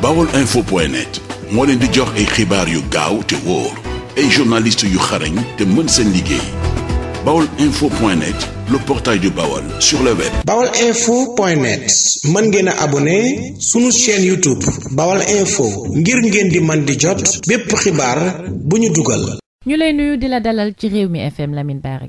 bawol info point net moo leen di jox ay xibaar yu gaaw te wóor ay journalistes yu xarañ te mën seen liggéey bawol info point net le portail du Baol sur le web. Baol info point net mën ngeen a abonné sunu chaîne YouTube Baol info ngir ngeen di mën di jot bépp xibaar bu ñu dugal. ñu lay nuyu di la dalal ci réew mi FM Lamine Bara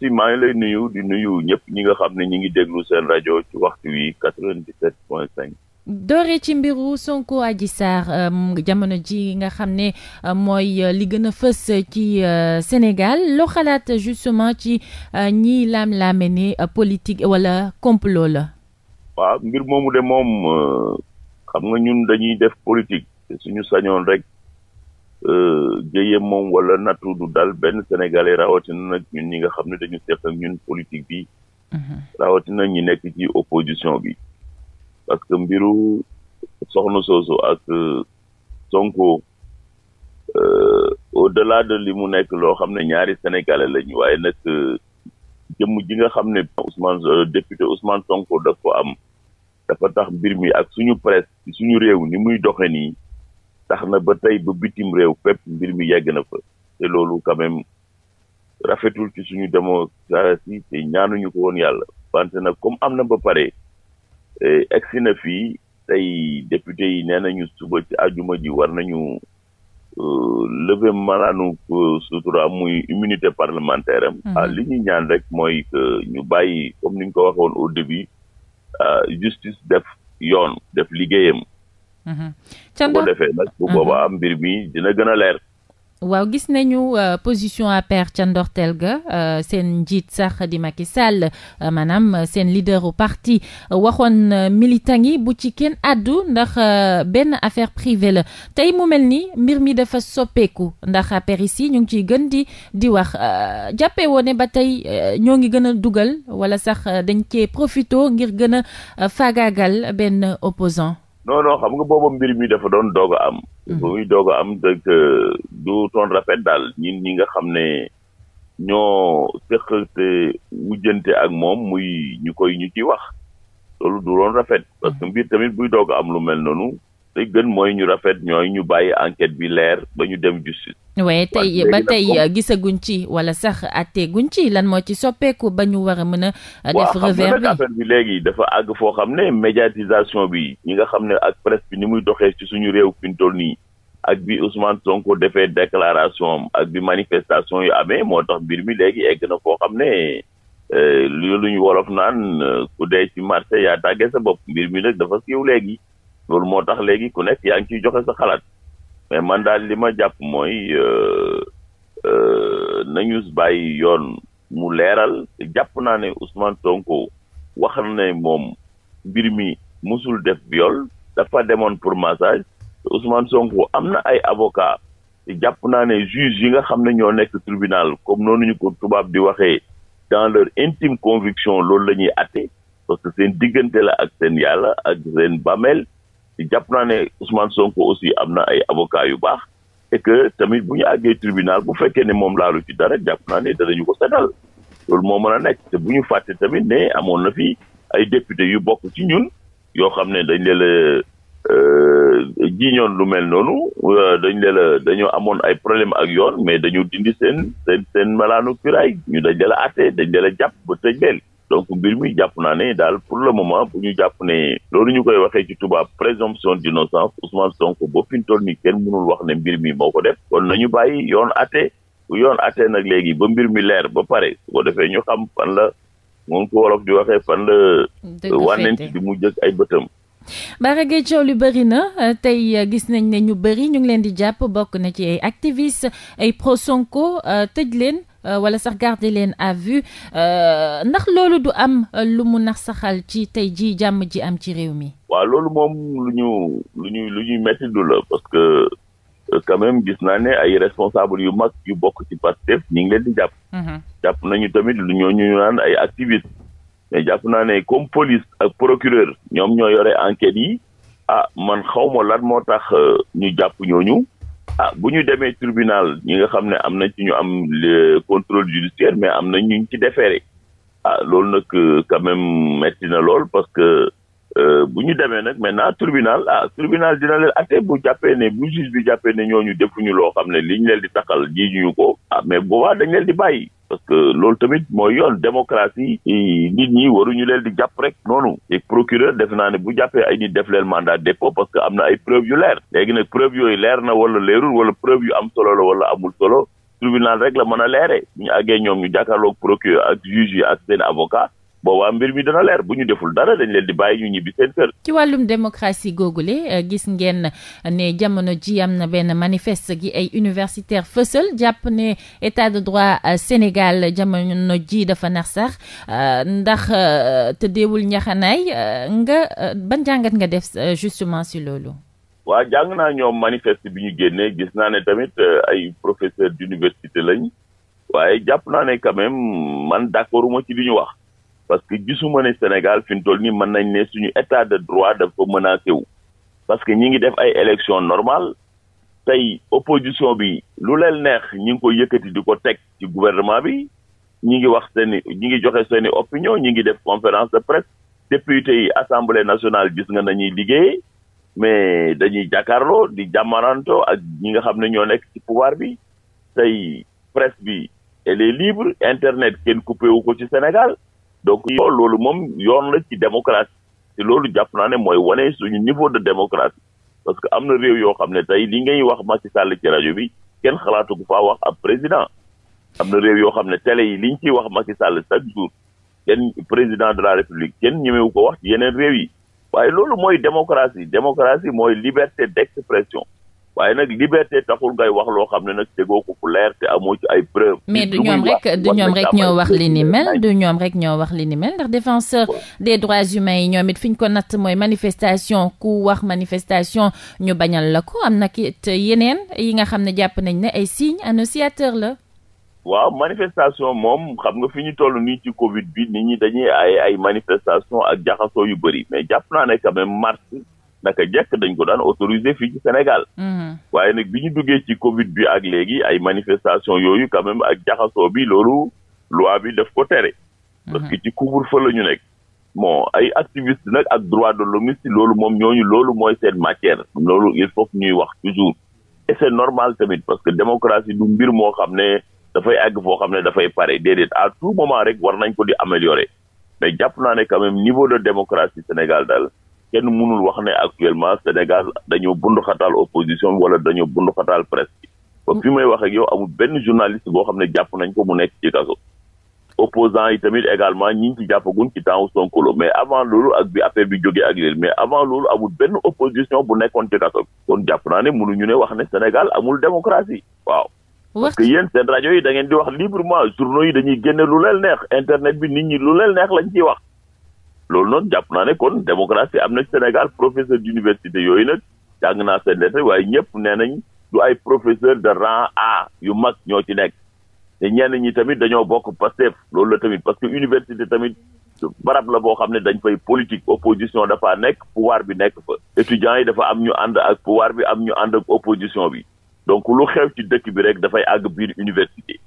si maa ngi lay nuyu di nuyu ñëpp ñi nga xam ne ñi ngi déglu seen rajo ci waxtu wi 97 point 5. doore ci mbiru Sonko Adji Sarr um, jamono ji nga xam ne uh, mooy uh, li gën a fës ci uh, Sénégal loo xalaat justement ci ñiy laam-laame ne politique wala complot la waaw ngir moomu de moom xam nga ñun dañuy def politique suñu sañoon rek jëye moom wala nattu du dal benn sénégalais rawatina nag ñun ñi nga xam ne dañu seq ak ñun politique bi mhm. rawatina ñi nekk ci opposition bi parce que mbiru soxna soosu ak euh, Sonko euh, au delà de li mu nekk loo xam ne ñaari sénégalais lañu waaye nag euh, jëmm ji nga xam ne Ousmane député Ousmane Sonko daf ko am dafa tax mbir mi ak suñu presse suñu réew ni muy doxe nii tax na ba tey ba bitim réew fépp mbir mi yegg na fa te loolu quand même rafetul ci suñu démocratie te ñaanuñu ko woon yàlla wante nag comme am na ba pare Eh, egsi na fii tey député yi nee nañu suba ci àjuma ji war nañu euh, lever malaanu euh, sutura muy immunité parlementaire am. Mhm. Ah, li ñuy ñaan rek mooy que ñu bàyyi comme ni ñu ko waxee woon au ah, justice def yoon def liggéeyam. bu mhm. ko defee nag bu mhm. boobaa mbir mi dina gën a leer. waaw gis nañu uh, position APR ca ndorteel ga uh, seen njiit sax di Macky Sall euh, maanaam euh, seen leaderu parti euh, waxoon militant yi bu ci kenn àddu ndax benn affaire privée la tey mu mel ni mbir mi dafa soppeeku ndax APR ici ñu ngi ciy gën di di wax jàppee woone ba tey ñoo ngi gën a dugal wala sax dañ cee profito ngir gën a faagaagal benn opposant non non xam nga booba mbir mi dafa doon doog am. bu mhm. muy doog a am dëgg euh, du toon rafet daal ñin ñi nga xam ne ñoo seq te wujjante ak moom muy ñu koy ñu ci wax loolu du doon rafet. Mhm. parce que mbir tamit buy doog a am lu mel noonu. li gën mooy ñu rafet ñooy ñu bàyyi enquête bi leer ba ñu dem justice. waaye tey ba tey gisaguñ ci wala sax atteeguñ ci lan moo ci soppeeku ba ñu war a mën a euh, def revers bi affaire bi léegi dafa àgg foo xam ne médiatisation bi ñi nga xam ne ak presse bi ni muy doxee ci suñu réew fi toll nii ak bi Ousmane Sonko defee déclaration ak bi manifestation yi amee moo tax mbir mi léegi egg na foo xam ne euh, lu ñu wolof naan euh, ku dee ci marché yaa tàggee sa bopp mbir mi nag dafa siiw léegi loolu moo tax léegi ku nekk yaa ngi ciy joxe sa xalaat mais man daal li ma jàpp mooy euh, euh, nañu bàyyi yoon mu leeral jàpp naa ne Ousmane Sonko wax na ne moom mbir mi musul def viol dafa demoon pour massage Ousmane Sonko am na ay avocat jàpp naa ne juge yi nga xam ne ñoo nekk tribunal kom noonu ñu ko tubaab di waxee dans leur intime conviction loolu la ñuy àtte parce seen diggante la ak seen yàlla ak seen bàmmeel jàpp naa ne Ousmane Sonko aussi am na ay avocat yu baax et que tamit bu ñu àggee tribunal bu fekkee ne moom laalu ci dara jàpp naa ne danañu ko setal loolu moo mën a nekk te bu ñu fàttee tamit ne amoon na fi ay député yu bokk ci ñun yoo xam ne dañ leen a euh, lu mel noonu euh, dañ leen a dañoo amoon ay problème ak yoon mais dañu dindi seen seen seen malaanu kuraay ñu dañ leen a dañ leen a jàpp ba tëj leen donc mbir mi jàpp naa ne daal pour le moment bu ñu jàpp ne loolu ñu koy waxee ci tubaab présomption d'innocence Ousmane Sonko ba fi mu toll nii kenn mënul wax ne mbir mi moo ko def kon nañu bàyyi yoon atte bu yoon atte nag léegi ba mbir mi leer ba pare su ko defee ñu xam fan la moom ko wolof di waxee fan la wànnent di mu jëkk ay bëtam Bara Gaye coow li bari na tey gis nañ ne ñu bëri ñu ngi leen di jàpp bokk na ci ay activistes ay pro Sonko tëj leen Euh, wala sax garder leen à vue euh, ndax loolu du am euh, lu mu nax saxal ci tey ji jàmm ji am ci réew mi. waaw loolu moom lu ñu lu ñu lu ñuy metti du la parce que quand même gis naa ne ay responsable yu mag yu bokk ci Pastef ñu ngi leen di jàpp. Mhm. jàpp nañu tamit lu ñoo ñu naan ay activistes. mais jàpp naa ne comme police ak procureur ñoom ñoo yore enquête yi ah man xawma lan moo tax ñu jàpp ñooñu ah bu ñu demee tribunal ñi nga xam ne am na ci ñu am le contrôle judiciaire mais am na ñu ñu ci defeere ah loolu nag euh, quand même metti na lool parce que euh, bu ñu demee nag maintenant tribunal ah tribunal dina leen atte bu jàppee ne bu juge bi jàppee ne ñooñu defuñu loo xam ne liñ leen di taxal ji ñu ko ah mais boobaa dañ leen di bàyyi parce que loolu tamit mooy yoon démocratie nit ñi waruñu leen di jàpp rek noonu et procureur naa ne bu jàppee ay nit def leen mandat dépôt parce que am na ay preuve yu leer léegi ne preuve yooyu leer na wala leerul wala preuve yu am solo la wala amul solo tribunal rek la mën a leeree ñu àggee ñoom ñu jàkkaarloog procureur ak juge yi ak seen avocat boobaa mbir mi dana leer bu ñu deful dara dañ leen di bàyyi ñu ñibbi seen kër. ci wàllum démocratie googule euh, gis ngeen euh, ne jamono ji am na benn manifest gi ay universitaire fësal jàpp ne état de droit euh, Sénégal jamono ji dafa nax sax ndax tëddeewul ñaxanaay nga ban jàngat nga def justement si loolu. waa jàng naa ñoom manifeste bi ñu génnee gis naa ne tamit ay professeur d'université lañ waaye jàpp naa ne quand même man d'accorduma ci li ñu wax. parce que gisuma ne Sénégal fi mu toll nii mën nañ ne suñu état de droit dafa menacé wu parce que ñi ngi def ay élection normal tey opposition bi lu leen neex ñi ngi ko yëkkati di ko teg ci gouvernement bi ñi ngi wax seeni ñi ngi joxe seeni opinion ñi ngi def conférence de presse député yi assemblée nationale gis nga nañuy liggéey mais dañuy jàkkaarloo di jàmmaranto ak ñi nga xam ne ñoo nekk ci pouvoir bi tey presse bi elle est libre internet kenn coupé wu ko ci Sénégal donc yoo loolu moom yoon la ci démocratie te loolu jàpp naa ne mooy wane suñu niveau de démocratie parce que am na réew yoo xam ne tey li ngay wax Macky Sall ci rajo bi kenn xalaatu ko faa wax ab président am na réew yoo xam ne télé yi liñ ciy wax Macky Sall chaque jour kenn président de la république kenn ñemewu ko wax ci yeneen réew yi waaye loolu mooy démocratie démocratie mooy liberté d'expression waaye nag liberté taxul ngay wax loo xam ne nag tegoo ko fu leer te amoo ci ay preuve mais du ñoom rek ñoom rek ñoo wax li ni mel du ñoom rek ñoo wax li ni mel ndax défenseur des droits humains yi ñoom it fi ñu ko natt mooy manifestation ku wax manifestation ñu bañal la ko am nag it yeneen yi nga xam ne jàpp nañ ne ay signe annonciateur la waaw manifestation moom xam nga fi ñu toll nii ci Covid bi ni ñi dañuy ay ay manifestation ak jaxasoo yu bëri mais jàpp naa ne quand naka jekk dañ ko daan autorisé fii ci Sénégal. Mhm. waaye nag bi ñu duggee ci Covid bi ak léegi ay manifestation yooyu quand ak jaxasoo bi loolu loi bi def ko tere. Mhm. parce que ci couvre-feu la ñu nekk. moo ay activiste nag ak droit de l'homme loolu moom ñooñu loolu mooy seen matière loolu il faut ñuy wax toujours et c'est normal tamit parce que démocratie du mbir moo xam ne dafay àgg foo xam ne dafay pare déedéet à tout moment rek war nañ ko di améliorer mais jàpp naa ne quand niveau de démocratie Sénégal daal kenn mënul wax ne actuellement Sénégal dañoo bund xataal opposition wala dañoo bund xataal presse bi ba fi may wax yow amul benn journaliste boo xam ne jàpp nañ ko mu nekk ci kaso opposant yi tamit également ñi ngi ci jàppaguñ ci temps Sonko la mais avant loolu ak bi affaire bi jógee ak léegi mais avant loolu amul benn opposition bu nekkoon ci kaso kon jàpp naa ne ñu ne wax ne Sénégal amul démocratie waaw parce que yéen seen rajo yi da ngeen di wax librement journaux yi dañuy génne lu leen neex internet bi nit ñi lu leen neex lañ wax loolu noonu jàpp naa ne kon démocratie am na Sénégal professeur d'université yooyu nag jàng naa seen lettre waaye ñëpp nee nañ ay professeur de rang A yu mag ñoo ci nekk te ñenn ñi tamit dañoo bokk Pastef loolu la tamit parce que université tamit barab la boo xam ne dañ fay politique opposition dafa nekk pouvoir bi nekk fa étudiants yi dafa am ñu ànd ak pouvoir bi am ñu ànd ak opposition bi donc lu xew ci dëkk bi rek dafay àgg biir université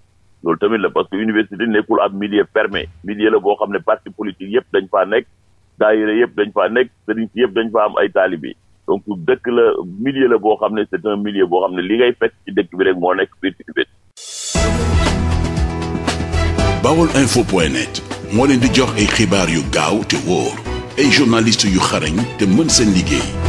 loolu tamit la parce que université nekkul ab milieu fermé milieu la boo xam ne parti politique yëpp dañ faa nekk daayira yëpp dañ faa nekk sëriñ si yëpp dañ faa am ay taalibi donc dëkk la milieu la boo xam ne c'est un milieu boo xam ne li ngay fekk ci dëkk bi rek moo nekk biir université. Bawol info point net moo leen di jox ay xibaar yu gaaw te wóor ay journalistes yu xarañ te mën seen liggéey.